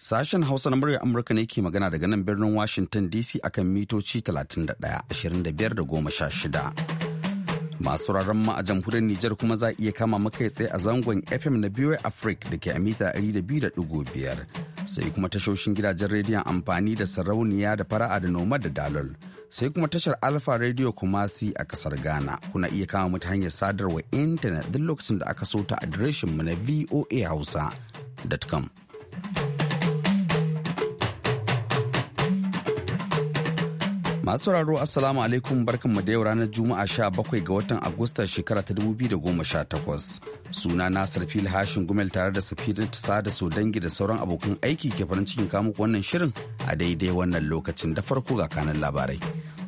Sashen Hausa na murya Amurka ne ke magana daga nan birnin Washington DC akan mitoci 31-25-16. Masu raron ma a jamhuriyar Nijar kuma za iya kama makai tsaye a zangon FM na BOA Africa da ke a mita 200.5. Sai kuma tashoshin gidajen rediyon amfani da sarauniya da fara'a da noma da dalol. Sai kuma tashar alpha Radio Kumasi a kasar Ghana. Kuna iya kama mata hanyar sadarwa intanet duk lokacin da aka so ta adireshin mu na voahausa.com. Masu sauraro Assalamu alaikum barkan mu da yau ranar Juma'a 17 ga watan Agusta shekara ta 2018. Suna na Sarfil Hashin Gumel tare da Safirin Sada dangi da sauran abokan aiki ke farin cikin kamuku wannan shirin a daidai wannan lokacin da farko ga kanan labarai.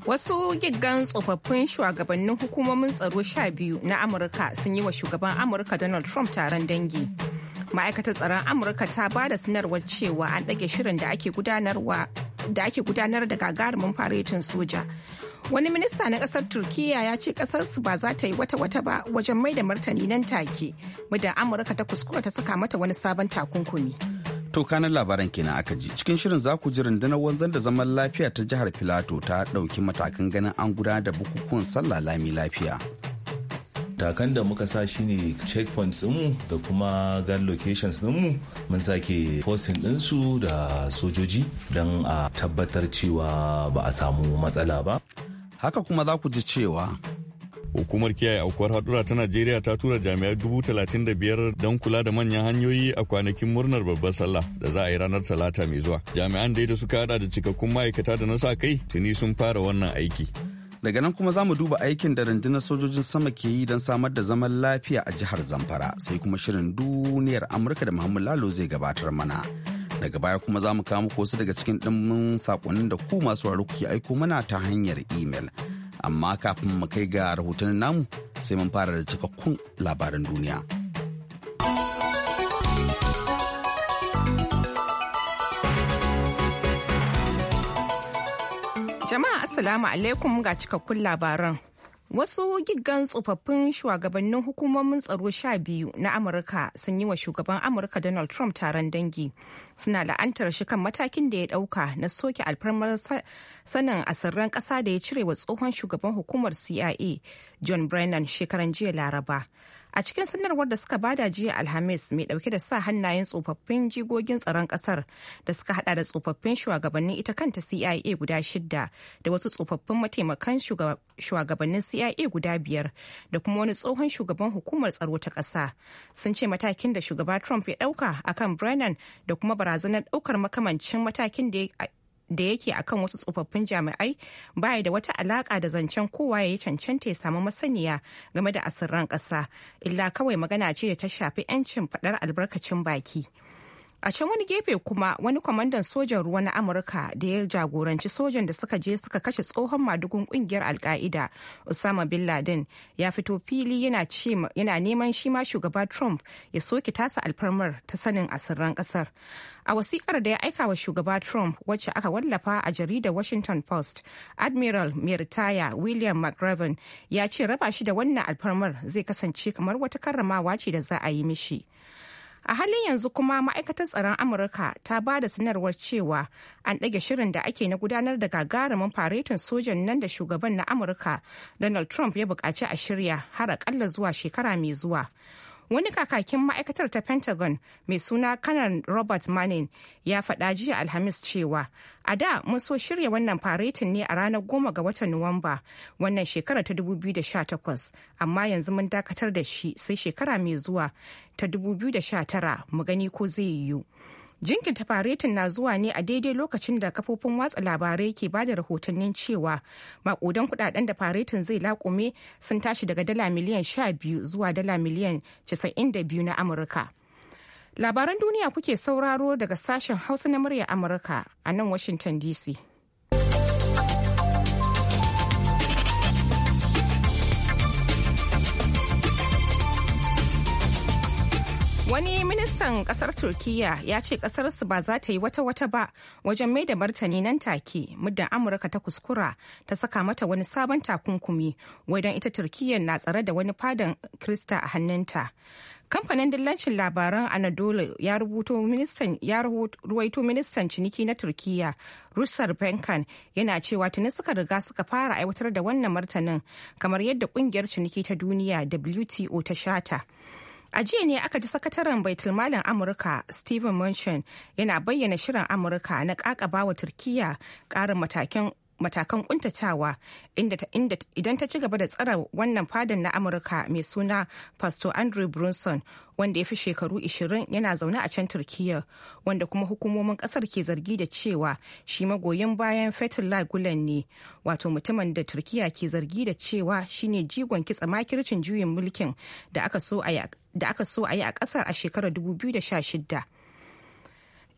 Wasu giggan tsofaffin shugabannin hukumomin tsaro sha biyu na Amurka sun yi wa shugaban Amurka Donald Trump taron dangi. Ma'aikatar tsaron Amurka ta ba da sanarwar cewa an ɗage shirin da ake gudanarwa da ake gudanar da gagarumin faretin soja wani minista na kasar turkiyya ya ce kasarsu ba za ta yi wata-wata ba wajen mai da martani nan take muda amurka ta kuskura ta saka mata wani sabon takunkumi to kanan labaran kenan aka ji cikin shirin za ku ji rundunar wanzan da zaman lafiya ta jihar filato ta ɗauki matakan ganin an gudanar da bukukuwan sallah lami lafiya matakan da muka sa shine checkpoints ɗinmu da kuma gun locations ɗinmu mun sake posting ɗinsu da sojoji don a tabbatar cewa ba a samu matsala ba haka kuma za ku ji cewa hukumar kiyaye aukuwar haɗura ta najeriya ta tura jami'ai dubu talatin da biyar don kula da manyan hanyoyi a kwanakin murnar babbar sallah da za a yi ranar talata mai zuwa jami'an da suka hada da cikakkun ma'aikata da na sa kai tuni sun fara wannan aiki daga nan kuma za mu duba aikin da rundunar sojojin sama ke yi don samar da zaman lafiya a jihar zamfara sai kuma shirin duniyar amurka da muhammad lalo zai gabatar mana daga baya kuma za mu kawo muku wasu daga cikin ɗimbin sakonnin da ku masu waro kuke aiko mana ta hanyar imel amma kafin mu kai ga rahotannin namu sai mun fara da cikakkun labaran duniya. Assalamu alaikum ga cikakkun labaran. Wasu giggan tsofaffin shugabannin hukumomin tsaro sha biyu na Amurka sun yi wa shugaban Amurka Donald Trump taron dangi. Suna la'antar shi kan matakin da ya dauka na soke alfarmar sanin asirran kasa da ya cire wa tsohon shugaban hukumar CIA John Brennan shekaran jiya Laraba. a cikin sanarwar da suka bada jiya alhamis mai dauke da sa hannayen tsofaffin jigogin tsaron kasar da suka hada da tsofaffin shugabannin ita kanta cia guda shida da wasu tsofaffin mataimakan shugabannin cia guda biyar da kuma wani tsohon shugaban hukumar tsaro ta kasa sun ce matakin da shugaba trump ya dauka akan brennan da kuma barazanar daukar makamancin matakin da ya da yake akan wasu tsofaffin jami'ai baya da wata alaka da zancen kowa ya yi cancanta ya samu masaniya game da asirran ƙasa illa kawai magana ce da ta shafi 'yancin faɗar albarkacin baki. A can wani gefe kuma wani kwamandan sojan ruwa na Amurka da ya jagoranci sojan da suka je suka kashe tsohon madugun kungiyar Alka'ida Osama Bin Laden ya fito fili yana neman shi ma shugaba Trump ya soke tasa alfarmar ta sanin asirran kasar. A wasikar da ya aika wa shugaba Trump wacce aka wallafa a jaridar Washington Post, Admiral Mirtaya William McRaven ya ce raba shi da wannan alfarmar zai kasance kamar wata karramawa ce da za a yi mishi. a halin yanzu kuma ma'aikatar tsaron amurka ta ba da sanarwar cewa an ɗage shirin da ake na gudanar da gagarumin faretin sojan nan da shugaban na amurka donald trump ya buƙaci a shirya har aƙalla zuwa shekara mai zuwa wani kakakin ma'aikatar ta pentagon mai suna kanan robert manning ya faɗa jiya alhamis cewa a da mun so shirya wannan faretin ne a ranar goma ga watan nuwamba wannan shekara ta 2018 amma yanzu mun dakatar da shi sai shekara mai zuwa ta 2019 mu gani ko zai yiwu Jinkirta faretin na zuwa ne a daidai lokacin da kafofin watsa labarai ke ba da rahotannin cewa makudan kudaden da faretin zai lakume sun tashi daga dala miliyan 12 zuwa dala miliyan 92 na Amurka. Labaran duniya kuke sauraro daga sashen Hausa na murya Amurka a nan Washington DC. Wani ministan kasar Turkiyya ya ce kasarsu ba za ta yi wata-wata ba wajen mai da martani nan take muddin Amurka ta kuskura ta saka mata wani sabon takunkumi wajen ita Turkiyya na tsare da wani fadan Krista a hannunta. Kamfanin dillancin labaran Anadolu ya rubuto ministan ya ruwaito ministan ciniki na Turkiyya Rusar Benkan yana cewa tuni suka riga suka fara aiwatar da wannan martanin kamar yadda kungiyar ciniki ta duniya WTO ta shata. A jiya ne aka ji sakataren tilmalin Amurka Stephen munchen yana bayyana shirin Amurka na kakaba wa Turkiyya karin matakin matakan kuntatawa idan ta ci gaba da tsara wannan fadan na amurka mai suna pastor andrew brunson wanda ya fi shekaru 20 yana zaune a can turkiyya wanda kuma hukumomin kasar ke zargi da cewa shi magoyin bayan fetullah gulen ne wato mutumin da turkiyya ke zargi da cewa shine jigon kitsa makircin juyin mulkin da aka so a yi a kasar a shekarar 2016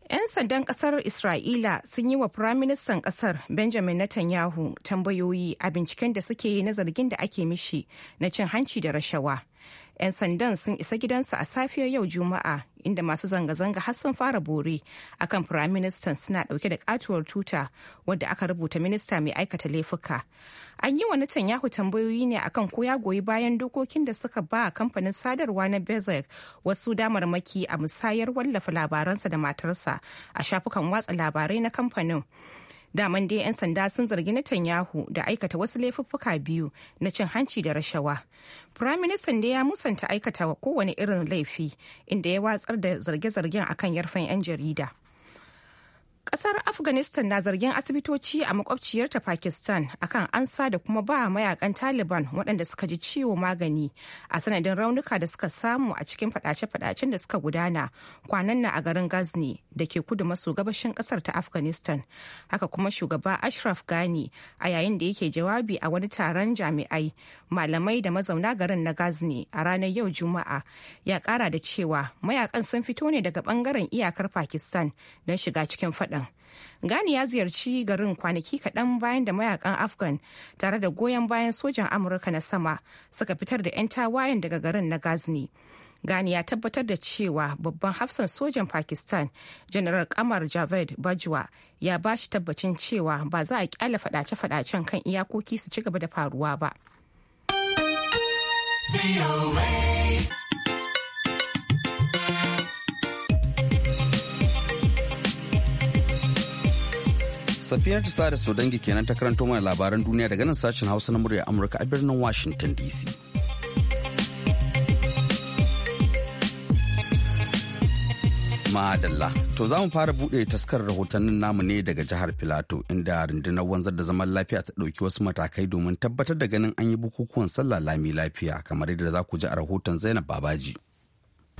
'Yan sandan kasar Isra'ila sun yi wa Firaministan kasar Benjamin Netanyahu tambayoyi a binciken da suke yi na zargin da ake mishi na cin hanci da rashawa. 'yan sandan sun isa gidansa a safiyar yau juma'a inda masu zanga-zanga har sun fara bore akan firaministan suna dauke da katuwar tuta wadda aka rubuta minista mai aikata laifuka an yi wa netanyahu tambayoyi ne akan ko ya goyi bayan dokokin da suka ba kamfanin sadarwa na bezek wasu damarmaki a musayar wallafa labaransa da matarsa a shafukan watsa labarai na kamfanin daman dai 'yan sanda sun zargi Netanyahu da aikata wasu laifuffuka biyu na cin hanci da rashawa. Prime Minister da ya musanta aikata wa kowane irin laifi inda ya watsar da zarge-zargen akan yarfan 'yan jarida. Kasar Afghanistan na zargin asibitoci a makwabciyarta Pakistan akan ansa da kuma ba mayakan Taliban waɗanda suka ji ciwo magani a sanadin raunuka da suka samu a cikin fadace-fadacen da suka gudana kwanan na a garin Ghazni da ke kudu maso gabashin kasar ta Afghanistan. Haka kuma shugaba Ashraf Ghani a yayin da yake jawabi a wani taron jami'ai, malamai da mazauna garin na Ghazni a ranar yau Juma'a ya kara da cewa mayakan sun fito ne daga bangaren iyakar Pakistan don shiga cikin fada din Gani ya ziyarci garin kwanaki kaɗan bayan da mayakan Afghan tare da goyon bayan sojan Amurka na sama suka fitar da 'yan tawayen daga garin na gazni Gani ya tabbatar da cewa babban hafsan sojan Pakistan, General Kamar Javed Bajwa, ya ba shi tabbacin cewa ba za a kyale fadace-fadacen kan iyakoki su ci gaba da faruwa ba. Safiyar ta sada so dangi kenan ta karanto mana labaran duniya daga nan sashen Hausa na murya Amurka a birnin Washington DC. Madalla. To za mu fara bude taskar rahotannin namu ne daga jihar Filato inda rundunar wanzar da zaman lafiya ta ɗauki wasu matakai domin tabbatar da ganin an yi bukukuwan sallah lami lafiya kamar yadda za ku ji a rahoton Zainab Babaji.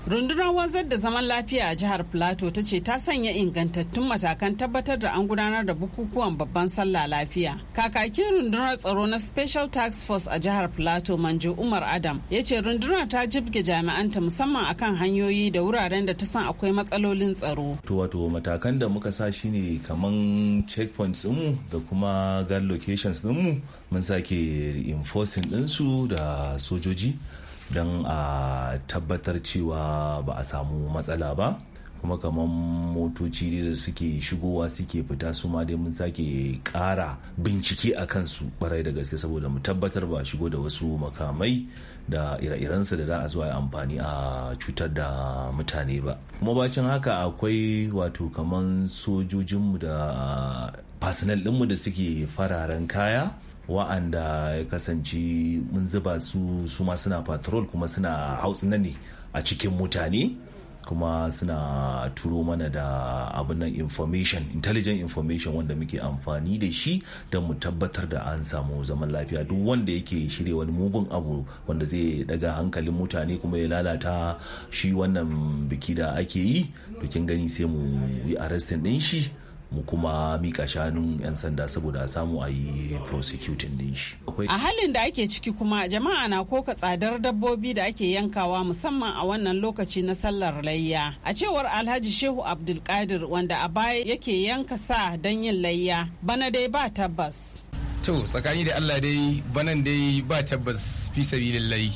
rundunar wanzar da zaman lafiya a jihar plateau ta ce ta sanya ingantattun matakan tabbatar da an gudanar da bukukuwan babban sallah lafiya kakakin rundunar tsaro na special task force a jihar plateau manjo umar adam ya ce rundunar ta jibge jami'anta musamman akan hanyoyi da wuraren da ta san akwai matsalolin tsaro to wato matakan da muka sa shine kaman checkpoints dinmu da kuma gun locations dinmu mun sake enforcing dinsu da sojoji don a tabbatar cewa ba a samu matsala ba kuma kamar motoci da suke shigowa suke fita su ma dai mun sake kara bincike a kansu barai da gaske saboda mu tabbatar ba shigo da wasu makamai da ire-irensu da za a zuwa amfani a cutar da mutane ba kuma bacin haka akwai wato kamar sojojinmu da fasinal ɗinmu da suke fararen kaya wa'anda ya kasance mun zuba su su ma suna patrol kuma suna hautsina ne a cikin mutane kuma suna turo mana da abin nan information intelligent information wanda muke amfani da shi don mu tabbatar da an samu zaman lafiya duk wanda yake shirya wani mugun abu wanda zai daga hankalin mutane kuma ya lalata shi wannan biki da ake yi bikin gani sai mu yi arrestin din shi mu kuma mika shanun 'yan sanda saboda a samu a yi prosecuting din shi. A halin da ake ciki kuma jama'a na koka tsadar dabbobi da ake yankawa musamman a wannan lokaci na sallar layya. A cewar Alhaji Shehu Abdulkadir wanda a baya yake yanka sa don yin layya bana dai ba tabbas. To tsakani da Allah dai banan dai ba tabbas fi sabilillahi.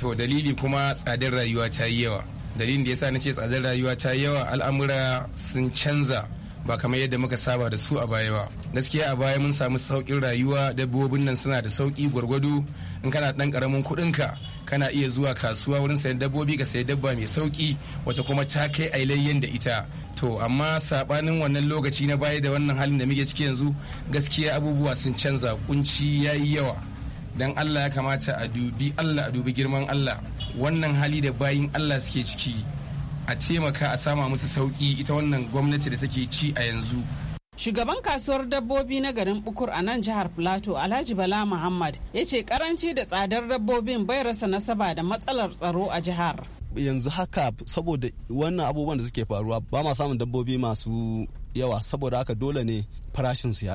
To dalili kuma tsadar rayuwa ta yi yawa. Dalilin da yasa na ce tsadar rayuwa ta yi yawa al'amura sun canza ba kamar yadda muka saba da su a baya ba gaskiya a baya mun samu sauƙin rayuwa dabbobin nan suna da sauƙi gwargwado in kana ɗan ƙaramin kuɗinka kana iya zuwa kasuwa wurin sayan dabbobi ka sayi dabba mai sauƙi wacce kuma ta kai ailayyen da ita to amma sabanin wannan lokaci na baya da wannan halin da muke ciki yanzu gaskiya abubuwa sun canza kunci yi yawa dan Allah ya kamata a dubi Allah a dubi girman Allah wannan hali da bayin Allah suke ciki a taimaka a sama musu sauki ita wannan gwamnati da take ci a yanzu Shugaban kasuwar dabbobi na garin Bukur a nan jihar Filato Alhaji Bala Muhammad ya ce karanci da tsadar dabbobin bai rasa nasaba da matsalar tsaro a jihar. Yanzu haka saboda wannan abubuwan da suke faruwa ba ma samun dabbobi masu yawa saboda haka dole ne farashin su ya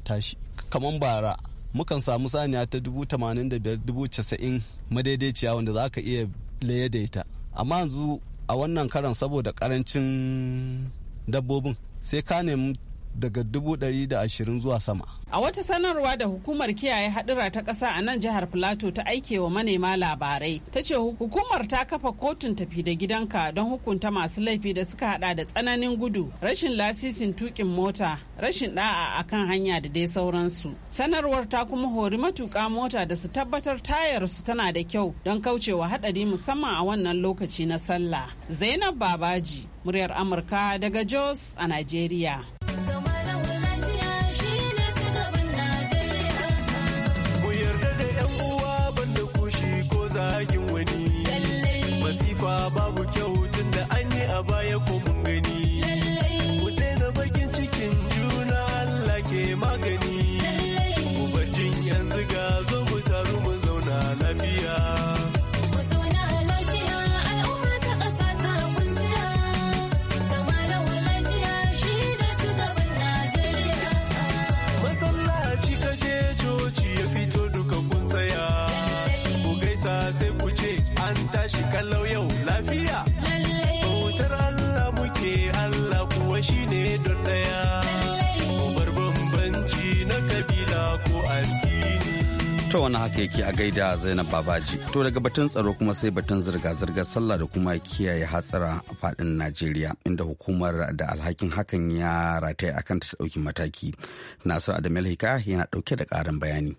tashi. Kaman bara mukan samu saniya ta dubu tamanin da biyar dubu casa'in madaidaiciya wanda za ka iya laye da ita. Amma yanzu a wannan karan saboda karancin dabbobin sai ka nemi daga 120 zuwa sama. A wata sanarwa da hukumar kiyaye hadura ta ƙasa a nan jihar Filato ta aike wa manema labarai, ta ce hukumar ta kafa kotun tafi da gidanka don hukunta masu laifi da suka hada da tsananin gudu, rashin lasisin tukin mota, rashin da'a a kan hanya da dai sauransu. Sanarwar ta kuma hori matuƙa mota da su tabbatar tayar su tana da kyau don kaucewa haɗari musamman a wannan lokaci na sallah. Zainab Babaji, muryar Amurka daga Jos a Najeriya. Oh. ta wani haka yake a gaida Zainab Babaji. To daga batun tsaro kuma sai batun zirga zirga sallah da kuma kiyaye hatsara a fadin Najeriya inda hukumar da alhakin hakan ya rataya akan ta dauki mataki. Nasir Adamu Hikaya yana dauke da karin bayani.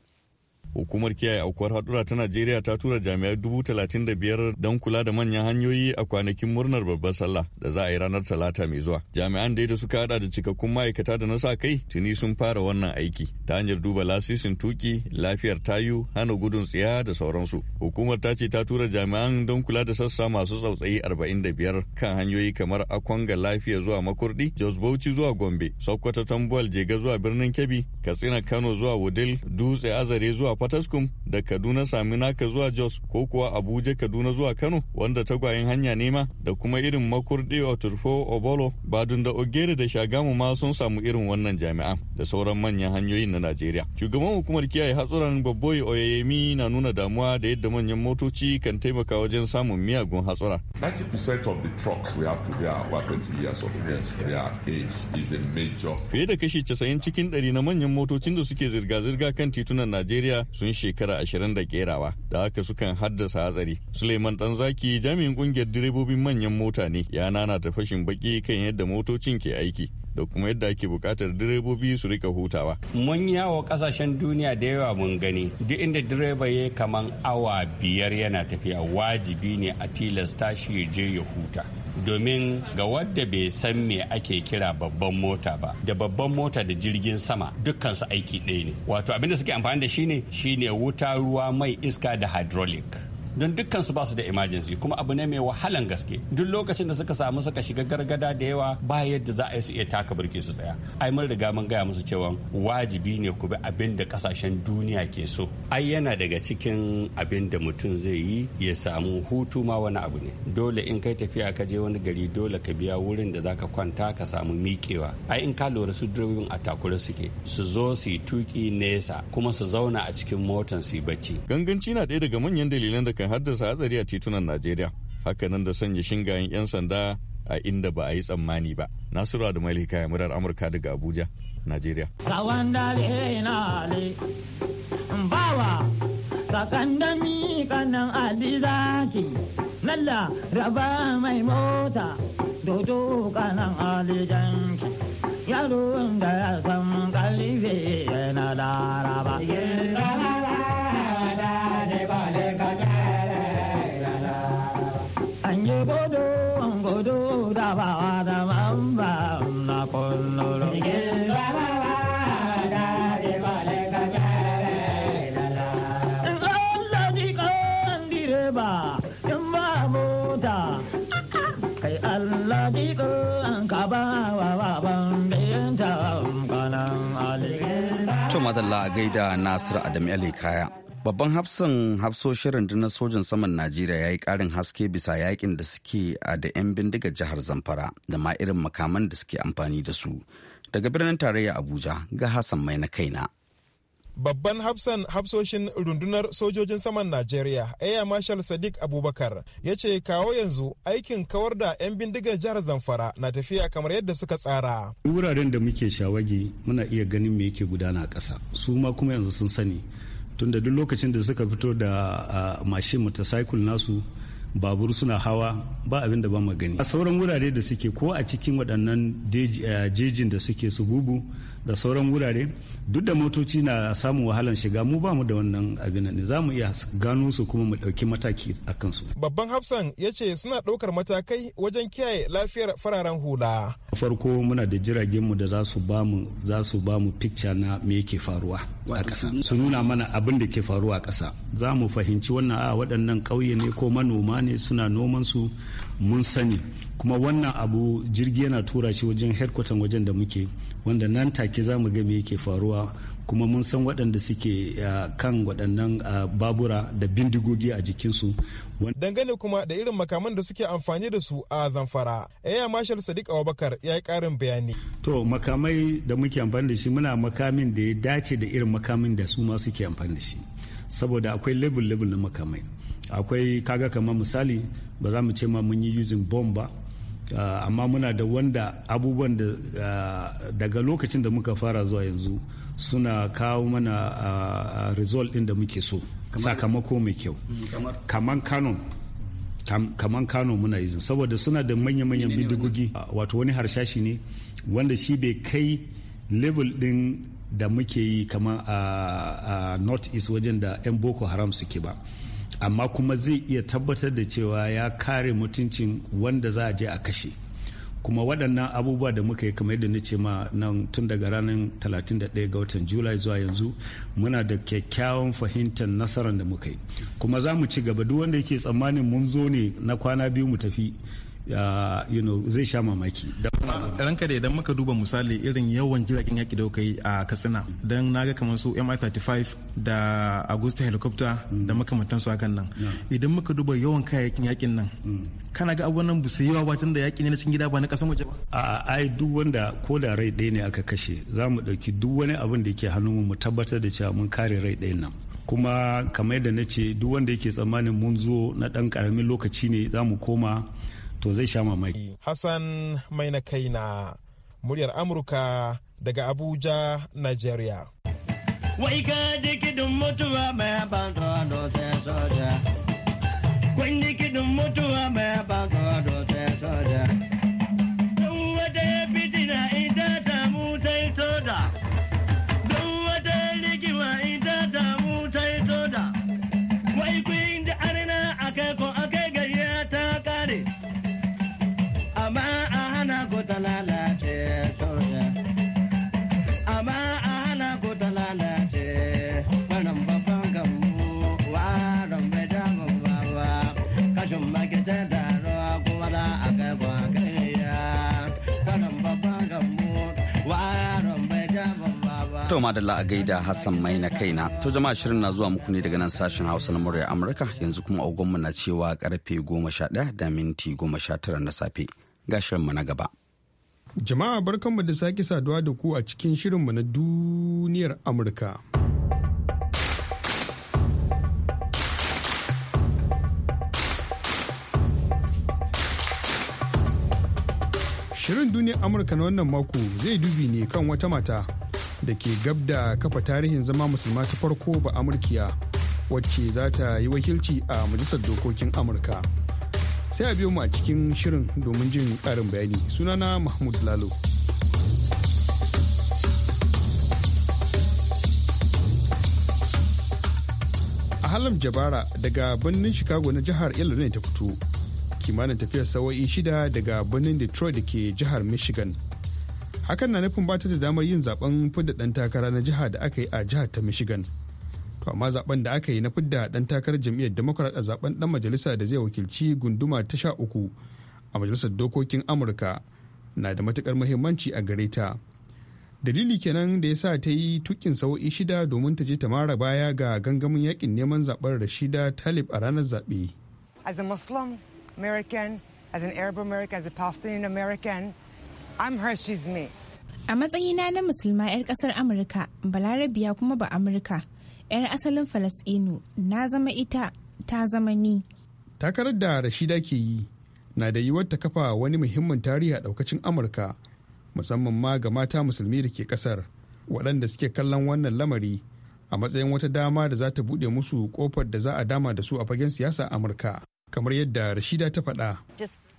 Hukumar kiyaye aukuwar haɗura ta Najeriya ta tura jami'ai dubu talatin da biyar don kula da manyan hanyoyi a kwanakin murnar babbar sallah da za a yi ranar talata mai zuwa. Jami'an dai da suka hada da cikakkun ma'aikata da na sa kai tuni sun fara wannan aiki ta hanyar duba lasisin tuki, lafiyar tayu, hana gudun tsiya da sauransu. Hukumar ta ce ta tura jami'an don kula da sassa masu tsautsayi arba'in da biyar kan hanyoyi kamar Akwanga lafiya zuwa Makurdi, Jos Bauchi zuwa Gombe, Sokoto Tambuwal Jega zuwa birnin Kebbi, Katsina Kano zuwa Wudil, Dutse Azare zuwa fataskum da kaduna saminaka zuwa jos ko kuwa abuja kaduna zuwa kano wanda tagwayen hanya nema da kuma irin makurdi turfo obolo badun da ogere da shagamu ma sun samu irin wannan jami'a da sauran manyan hanyoyin na najeriya shugaban hukumar kiyaye hatsuran babboyi oyayemi na nuna damuwa da yadda manyan motoci kan taimaka wajen samun miyagun hatsura 90% of the trucks we have today are 20 years of age is a major fiye da kashi 90 cikin 100 na manyan motocin da suke zirga-zirga kan titunan najeriya sun shekara ashirin da kerawa da haka sukan haddasa hatsari suleiman zaki jami'in kungiyar direbobin manyan mota ne ya nana ta fashin baki kan yadda motocin ke aiki da kuma yadda ake bukatar direbobi su rika hutawa. Mun yawo kasashen duniya da yawa mun gani duk inda direba ya kaman awa biyar yana tafiya wajibi ne a tilasta shi ya je ya huta. domin ga wadda bai san me ake kira babban mota ba da babban mota da jirgin sama dukkan su aiki ɗaya ne wato abinda suke amfani da shi ne shine wuta ruwa mai iska da hydraulic don dukkan su ba su da emergency kuma abu ne mai wahalan gaske duk lokacin da suka samu suka shiga gargada da yawa ba yadda za a yi su iya taka burki su tsaya ai mun riga mun gaya musu cewa wajibi ne ku bi abin da kasashen duniya ke so ai yana daga cikin abin da mutum zai yi ya samu hutu ma wani abu ne dole in kai tafiya ka je wani gari dole ka biya wurin da zaka kwanta ka samu miƙewa ai in ka lura su drobin a takura suke su zo su yi tuki nesa kuma su zauna a cikin motan su yi bacci ganganci na ɗaya daga manyan dalilan da kan haddasa hatsari a titunan Najeriya. Hakanan da sanya shingayen 'yan sanda a inda ba a yi tsammani ba. Nasiru da Malika ya murar Amurka daga Abuja, Najeriya. Sakandami kanan zaki lalla raba mai mota, dodo kanan yaro da ya san kalife yana laraba. Sanyi godo, godo da bawa da mamba na kullum. Sigil da bawa da di bale ka kere lala. Allah di kan direba in ba mota. Kai Allah di kan ka ba wa baban biyanta kanan Ali. To madalla a gaida Nasir Adam Ali Kaya. Babban hafsan hafsoshin rundunar sojan saman Najeriya ya yi ƙarin haske bisa yakin da suke a da 'yan bindiga jihar Zamfara da ma irin makaman da suke amfani da su. Daga birnin tarayya Abuja ga Hassan mai na kaina. babban hafsan hafsoshin rundunar sojojin saman Najeriya, Air Marshal Sadiq Abubakar, ya ce kawo yanzu aikin kawar da 'yan bindigar jihar Zamfara na tafiya kamar yadda suka tsara. Wuraren da muke shawagi muna iya ganin me yake gudana a ƙasa, su ma kuma yanzu sun sani. tunda duk lokacin da suka fito da ah, mashin motorcycle nasu babur suna hawa ba abin da ba mu gani a sauran wurare da suke ko a cikin waɗannan eh, jejin da suke su bubu da sauran wurare duk da motoci na samun wahalan shiga mu ba mu da wannan abin ne za mu iya gano su kuma mu ɗauki mataki a kansu babban hafsan ya ce suna ɗaukar matakai wajen kiyaye lafiyar fararen hula farko muna da jiragen mu da za su ba mu za su ba mu picture na me yake faruwa a ƙasa su nuna mana abin da ke faruwa a ƙasa za mu fahimci wannan a waɗannan ƙauye ne ko manoma ne suna noman su mun sani kuma wannan abu jirgi yana tura shi wajen headquarter wajen da muke wanda nan take za mu ga me yake faruwa kuma mun san waɗanda suke eh, kan waɗannan eh, babura da bindigogi a jikinsu. Dangane kuma da irin makaman da suke amfani da su a zamfara, eh, Air Marshal Sadiq Abubakar ya yi ƙarin bayani. To makamai da muke amfani da shi muna makamin da ya dace da irin makamin da su ma suke amfani da shi. Saboda akwai level level na makamai. akwai kaga kamar misali ba za mu ce ma mun yi using bomb ba ah, amma muna da wanda abubuwan da ah, daga lokacin da muka fara zuwa yanzu suna kawo mana ah, result ɗin da muke so sakamako mai kyau mm, kamar kanon kamar kano muna izin saboda suna da manya-manyan bindigogi wato wani harshashi ne wanda shi bai kai level ɗin da muke yi kaman a north east wajen da 'yan boko haram suke ba amma kuma zai iya tabbatar da cewa ya kare mutuncin wanda za a je a kashe kuma waɗannan abubuwa da muka yi kamar yadda na ce ma nan tun daga ranar 31 ga watan julai zuwa yanzu muna da kyakkyawan fahimtar nasarar da muka yi kuma za mu ci gaba duk wanda yake tsammanin mun zo ne na kwana biyu mu tafi you know zai sha mamaki ah, ranka da idan muka duba misali irin yawan jiragen yaki da kai a katsina don naga kamar su mi-35 da augusta helicopter da makamantansu hakan nan idan muka duba yawan kayayyakin yakin nan mm. kana ga abubuwan nan bu su wa tun da yakin ne na cikin gida ba na kasan waje ba a ai duk wanda ko da rai ɗaya ne aka kashe za mu ɗauki duk wani abin da yake hannu mu tabbatar da cewa mun kare rai ɗaya nan kuma kamar yadda na ce duk wanda yake tsammanin mun zo na ɗan ƙaramin lokaci ne za mu koma to zai sha mamaki. Hassan mai na kai na muryar Amurka daga Abuja, Najeriya. Wai ka ji kidin mutuwa mai ban sai soja. Kun ji kidin mutuwa mai ban sai soja. Don wata Wai kun ji To madalla a gaida Hassan mai na kaina. To jama'a shirin na zuwa muku ne daga nan sashen Hausa na murya Amurka yanzu kuma agonmu na cewa karfe goma sha ɗaya da minti goma sha tara na safe. Ga shirinmu na gaba. Jama'a barkanmu da sake saduwa da ku a cikin shirinmu na duniyar Amurka. Shirin duniyar Amurka na wannan mako zai dubi ne kan wata mata da ke gab da kafa tarihin zama musulma ta farko ba amurkiya wacce za ta yi wakilci a majalisar dokokin amurka sai a biyo mu a cikin shirin domin jin ƙarin bayani sunana mahmud lalo a halam jabara daga birnin chicago na jihar illinois ta fito kimanin tafiyar sawa'i shida daga birnin detroit da ke jihar michigan hakan na nufin bata da damar yin zaben fidda dan takara na jiha da aka yi a jihar ta michigan to amma zaben da aka yi na fidda dan takarar jam'iyyar democrat a zaben dan majalisa da zai wakilci gunduma ta sha uku a majalisar dokokin amurka na da matukar muhimmanci a gare ta dalili kenan da ya sa ta yi tukin sawo'i shida domin ta je ta mara baya ga gangamin yakin neman zaben rashida talib a ranar zaɓe. as a muslim american as an arab american as a palestinian american A matsayina na musulma 'yar kasar Amurka, balarabiya kuma ba Amurka, 'yar asalin Falasɗinu, na zama ita, ta zama ni. Takarar da Rashida ke yi na da yiwuwar ta kafa wani muhimmin tarihi a ɗaukacin Amurka, musamman ma ga mata musulmi da ke ƙasar, waɗanda suke kallon wannan lamari a matsayin wata dama da za ta buɗe musu ƙofar da za a dama da su a fagen siyasa Amurka. Kamar yadda Rashida ta faɗa.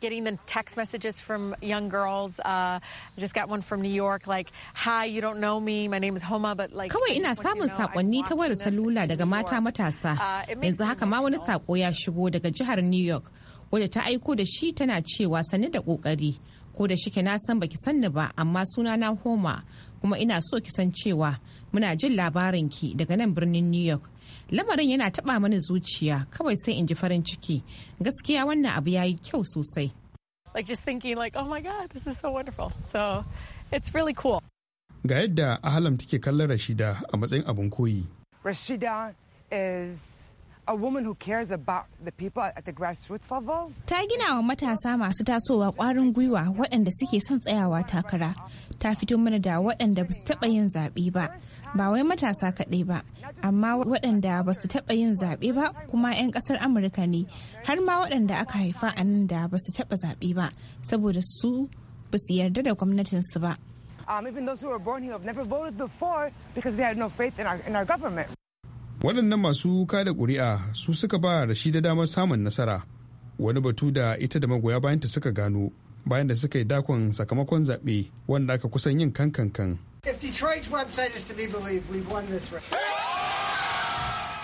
getting the text messages from young girls. Uh, I just got one from New York like, hi, you don't know me. My name is Homa, but like. Kawai ina samun sakonni ta wayar salula daga mata matasa. Uh, Yanzu haka ma wani sako ya shigo daga jihar New York wadda ta aiko da shi tana cewa sani da kokari. Ko da shike na san baki sanni ba amma suna na Homa kuma ina so ki san cewa muna jin labarinki daga nan birnin New York. lamarin yana taɓa mani zuciya kawai sai in ji farin ciki gaskiya wannan abu ya yi kyau sosai like just thinking like oh my god this is so wonderful so it's really cool ga yadda ahalam take kallon rashida a matsayin abin koyi rashida is a woman who cares about the people at the grassroots level ta gina wa matasa masu tasowa kwarin gwiwa waɗanda suke son tsayawa takara ta fito mana da waɗanda ba su taɓa yin zaɓe ba ba wai matasa kaɗai ba amma waɗanda ba su taɓa yin zaɓe ba kuma 'yan ƙasar amurka ne har ma waɗanda aka haifa a nan da ba su taɓa zaɓe ba saboda su ba su yarda da gwamnatinsu ba um, waɗannan masu kada ƙuri'a su suka ba rashi da damar samun nasara wani batu da ita da magoya bayanta suka gano bayan da suka yi dakon sakamakon zaɓe wanda aka kusan yin kankankan. If Detroit's website is to be believed, we've won this race.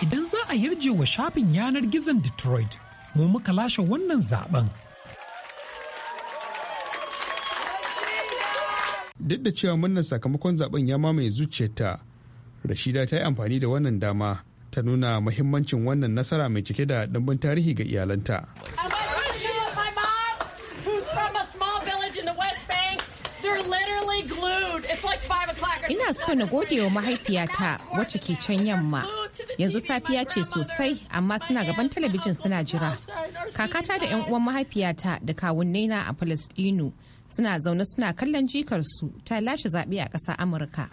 Idan za a yarje wa shafin yanar gizon Detroit, mu muka lashe wannan zaben. Duk da cewa murnar sakamakon zaben ya mamaye zuciyarta, Rashida ta yi amfani da wannan dama ta nuna muhimmancin wannan nasara mai cike da ɗimbin tarihi ga iyalanta. Ina so na gode wa mahaifiyata wacce ke can yamma. Yanzu safiya ce sosai amma suna gaban talabijin suna jira. Kakata da 'yan uwan mahaifiyata da kawunnaina a Falasɗinu suna zaune suna kallon jikarsu ta lashe zaɓe a ƙasa Amurka.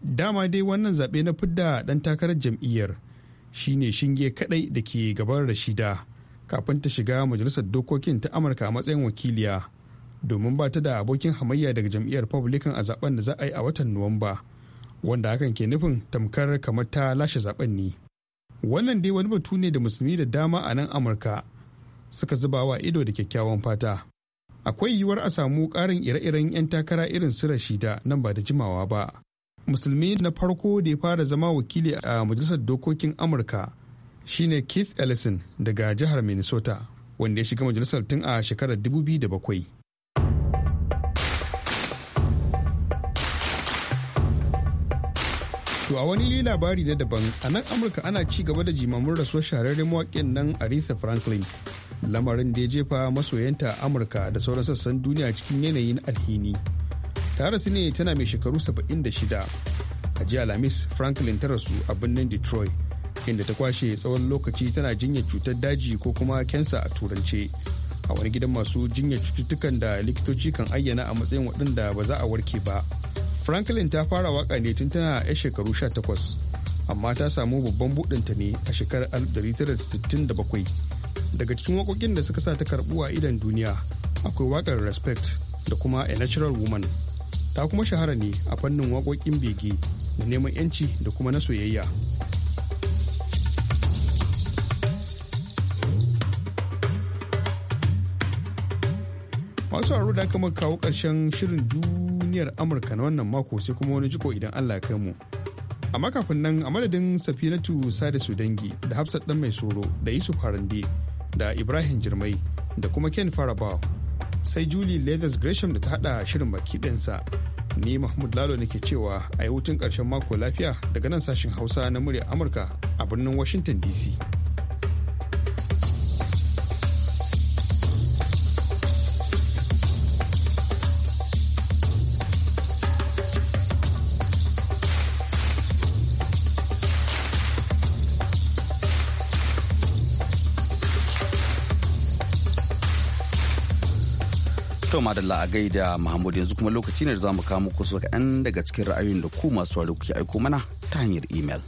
Dama dai wannan zaɓe na fidda ɗan takarar jam'iyyar shine shinge kaɗai da ke gaban Rashida kafin ta shiga majalisar dokokin ta Amurka a matsayin wakiliya. domin ba ta da abokin hamayya daga jam'iyyar republican a zaben da za a yi a watan nuwamba wanda hakan ke nufin tamkar kamar ta lashe zaben ne wannan dai wani batu ne da musulmi da dama a nan amurka suka zuba wa ido da kyakkyawan fata akwai yiwuwar a samu ƙarin ire-iren 'yan takara irin su rashida nan ba da jimawa ba musulmi na farko da ya fara zama wakili a majalisar dokokin amurka shine keith ellison daga jihar minnesota wanda ya shiga majalisar tun a shekarar 2007 To a wani labari na daban a nan Amurka ana ci gaba da jimamin rasuwar shahararren mawaƙin nan Aretha Franklin. Lamarin da ya jefa masoyanta a Amurka da sauran sassan duniya cikin yanayin alhini. Ta rasu ne tana mai shekaru 76. A jiya Lamis Franklin ta rasu a birnin Detroit inda ta kwashe tsawon lokaci tana jinyar cutar daji ko kuma kensa a turance. A wani gidan masu jinyar cututtukan da likitoci kan ayyana a matsayin waɗanda ba za a warke ba. franklin ta fara waka ne tun tana 'yan shekaru 18 amma ta samu babban budinta ne a shekarar 1967 daga cikin waƙoƙin da suka sa ta karɓu a idan duniya akwai waƙar respect da kuma a natural woman ta kuma shahara ne a fannin waƙoƙin bege da neman 'yanci da kuma na soyayya masu aro da aka kawo ƙarshen shirin duk duniyar amurka na wannan mako sai kuma wani jiko idan allah kai mu a makafin nan a madadin safinatu sada su dangi da hafsat dan mai soro da yusuf harande da ibrahim jirmai da kuma ken farabaw sai julie leathers gresham da ta hada shirin baki ɗinsa ni mahmud lalo nake cewa a yi hutun ƙarshen mako lafiya daga nan sashen hausa na murya amurka a birnin washington dc To madalla a gaida Muhammad yanzu kuma lokaci ne da za mu kawo muku su kaɗan daga cikin ra'ayoyin da ku masu kuke aiko mana ta hanyar imel.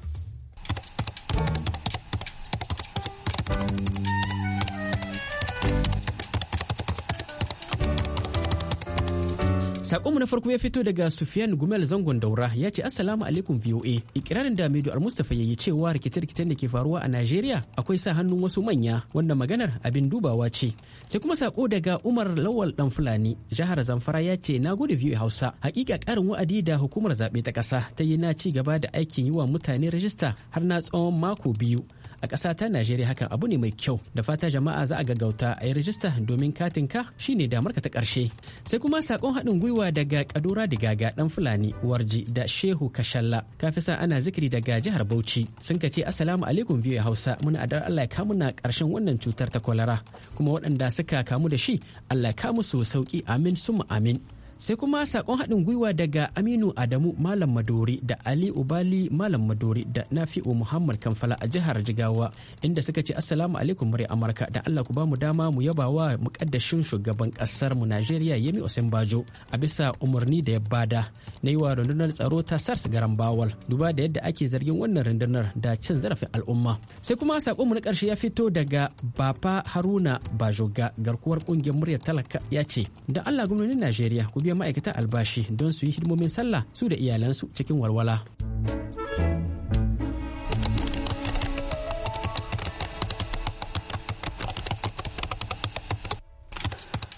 Sakonmu na farko ya fito daga Sufiyan Gumel zangon daura ya ce Assalamu alaikum VOA. Ikirarin da Mejo Almustafa ya yi cewa rikice-rikicen da ke faruwa a Najeriya akwai sa hannun wasu manya wanda maganar abin dubawa ce. Sai kuma sako daga Umar Lawal dan Fulani jihar Zamfara ya ce na gode VOA Hausa. Hakika karin wa'adi da hukumar zaɓe ta ƙasa ta yi na ci gaba da aikin yi wa mutane rajista har na tsawon mako biyu. a ƙasa ta najeriya hakan abu ne mai kyau da fata jama'a za a gaggauta a yi rajista domin katin ka shine damar ka ta ƙarshe sai kuma sakon haɗin gwiwa daga kadura da gaga ɗan fulani warji da shehu kashalla kafisa ana zikiri daga jihar bauchi sun ka ce assalamu alaikum biyu hausa muna adar allah ya kamu na ƙarshen wannan cutar ta kwalara kuma waɗanda suka kamu da shi allah ya kamu su sauki amin summa amin sai kuma sakon haɗin gwiwa daga aminu adamu malam madori da ali ubali malam madori da nafi'u muhammad kamfala a jihar jigawa inda suka ce assalamu alaikum murya amurka da allah ku ba mu dama mu yaba wa mukaddashin shugaban kasar mu najeriya yemi osinbajo a bisa umarni da ya bada na yi wa rundunar tsaro ta sars garan bawal duba da yadda ake zargin wannan rundunar da cin zarafin al'umma sai kuma sakon mu na karshe ya fito daga bapa haruna bajoga garkuwar kungiyar muryar talaka ya ce da allah gwamnonin najeriya ku biya biyan ma'aikata albashi don su yi hidimomin sallah su da iyalansu cikin walwala.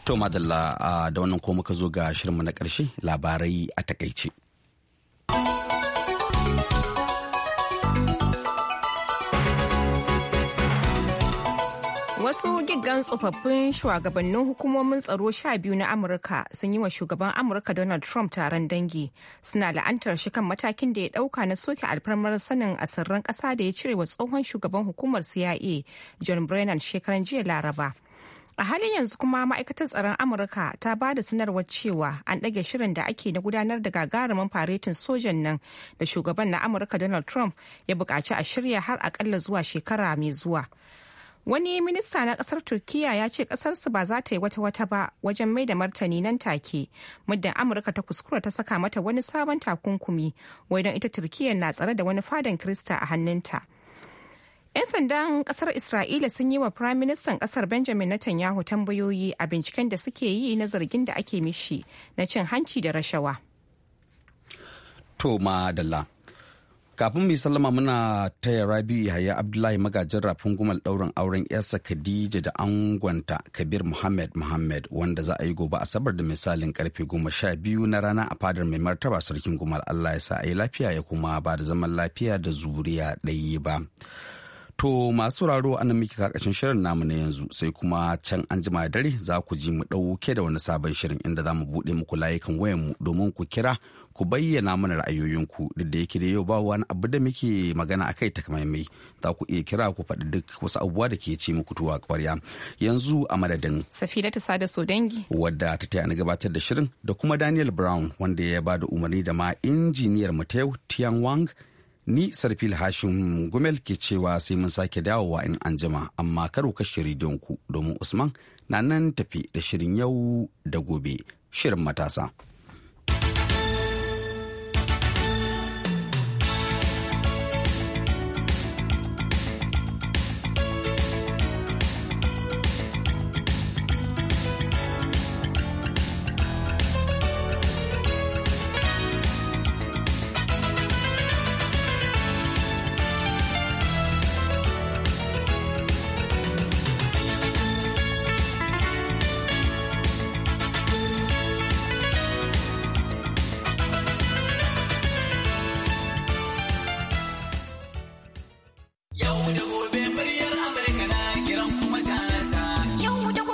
To madalla da wannan ko muka zo ga shirinmu na ƙarshe labarai a takaice. Gaggan tsofaffin shugabannin hukumomin tsaro sha biyu na Amurka sun yi wa shugaban Amurka Donald Trump taron dangi suna la'antar shi kan matakin da ya dauka na soke alfarmar sanin asirran kasa da ya cire wa tsohon shugaban hukumar CIA John Brennan shekaran jiya Laraba. A halin yanzu kuma ma'aikatar tsaron Amurka ta ba da sanarwar cewa an ɗage shirin da ake na gudanar da gagarumin faretin sojan nan da shugaban na Amurka Donald Trump ya buƙaci a shirya har akalla zuwa shekara mai zuwa. Wani minista na kasar Turkiyya ya ce kasarsu ba za ta yi wata-wata ba wajen mai da martani nan take, muddin Amurka ta kuskura ta saka mata wani sabon takunkumi, wai don ita Turkiyya na tsare da wani fadan Krista a hannunta. 'Yan sandan kasar Isra'ila sun yi wa Firayim Ministan kasar Benjamin Netanyahu tambayoyi a binciken da suke yi na zargin da ake mishi na cin hanci da rashawa. To madalla. kafin mu yi sallama muna taya rabi yahaya abdullahi magajin rafin gumal ɗaurin auren yarsa khadija da angonta kabir muhammad muhammad wanda za a yi gobe asabar da misalin karfe goma sha biyu na rana a fadar mai martaba sarkin gumal allah ya sa a yi lafiya ya kuma ba da zaman lafiya da zuriya ɗaya ba to masu raro anan miki karkashin shirin namu na yanzu sai kuma can an jima dare za ku ji mu ɗauke da wani sabon shirin inda za mu buɗe muku layukan wayanmu domin ku kira ku bayyana mana ra'ayoyinku duk da yake da yau ba wani abu da muke magana a kai takamaimai za ku iya kira ku faɗi duk wasu abubuwa da ke ce muku tuwa ƙwarya yanzu a madadin safira ta sada so dangi wadda ta taya na gabatar da shirin da kuma daniel brown wanda ya ba da umarni da ma injiniyar mu ta tian wang ni sarfil hashim gumel ke cewa sai mun sake dawowa in an jima amma kar ku kashe rediyonku domin usman na nan tafi da shirin yau da gobe shirin matasa.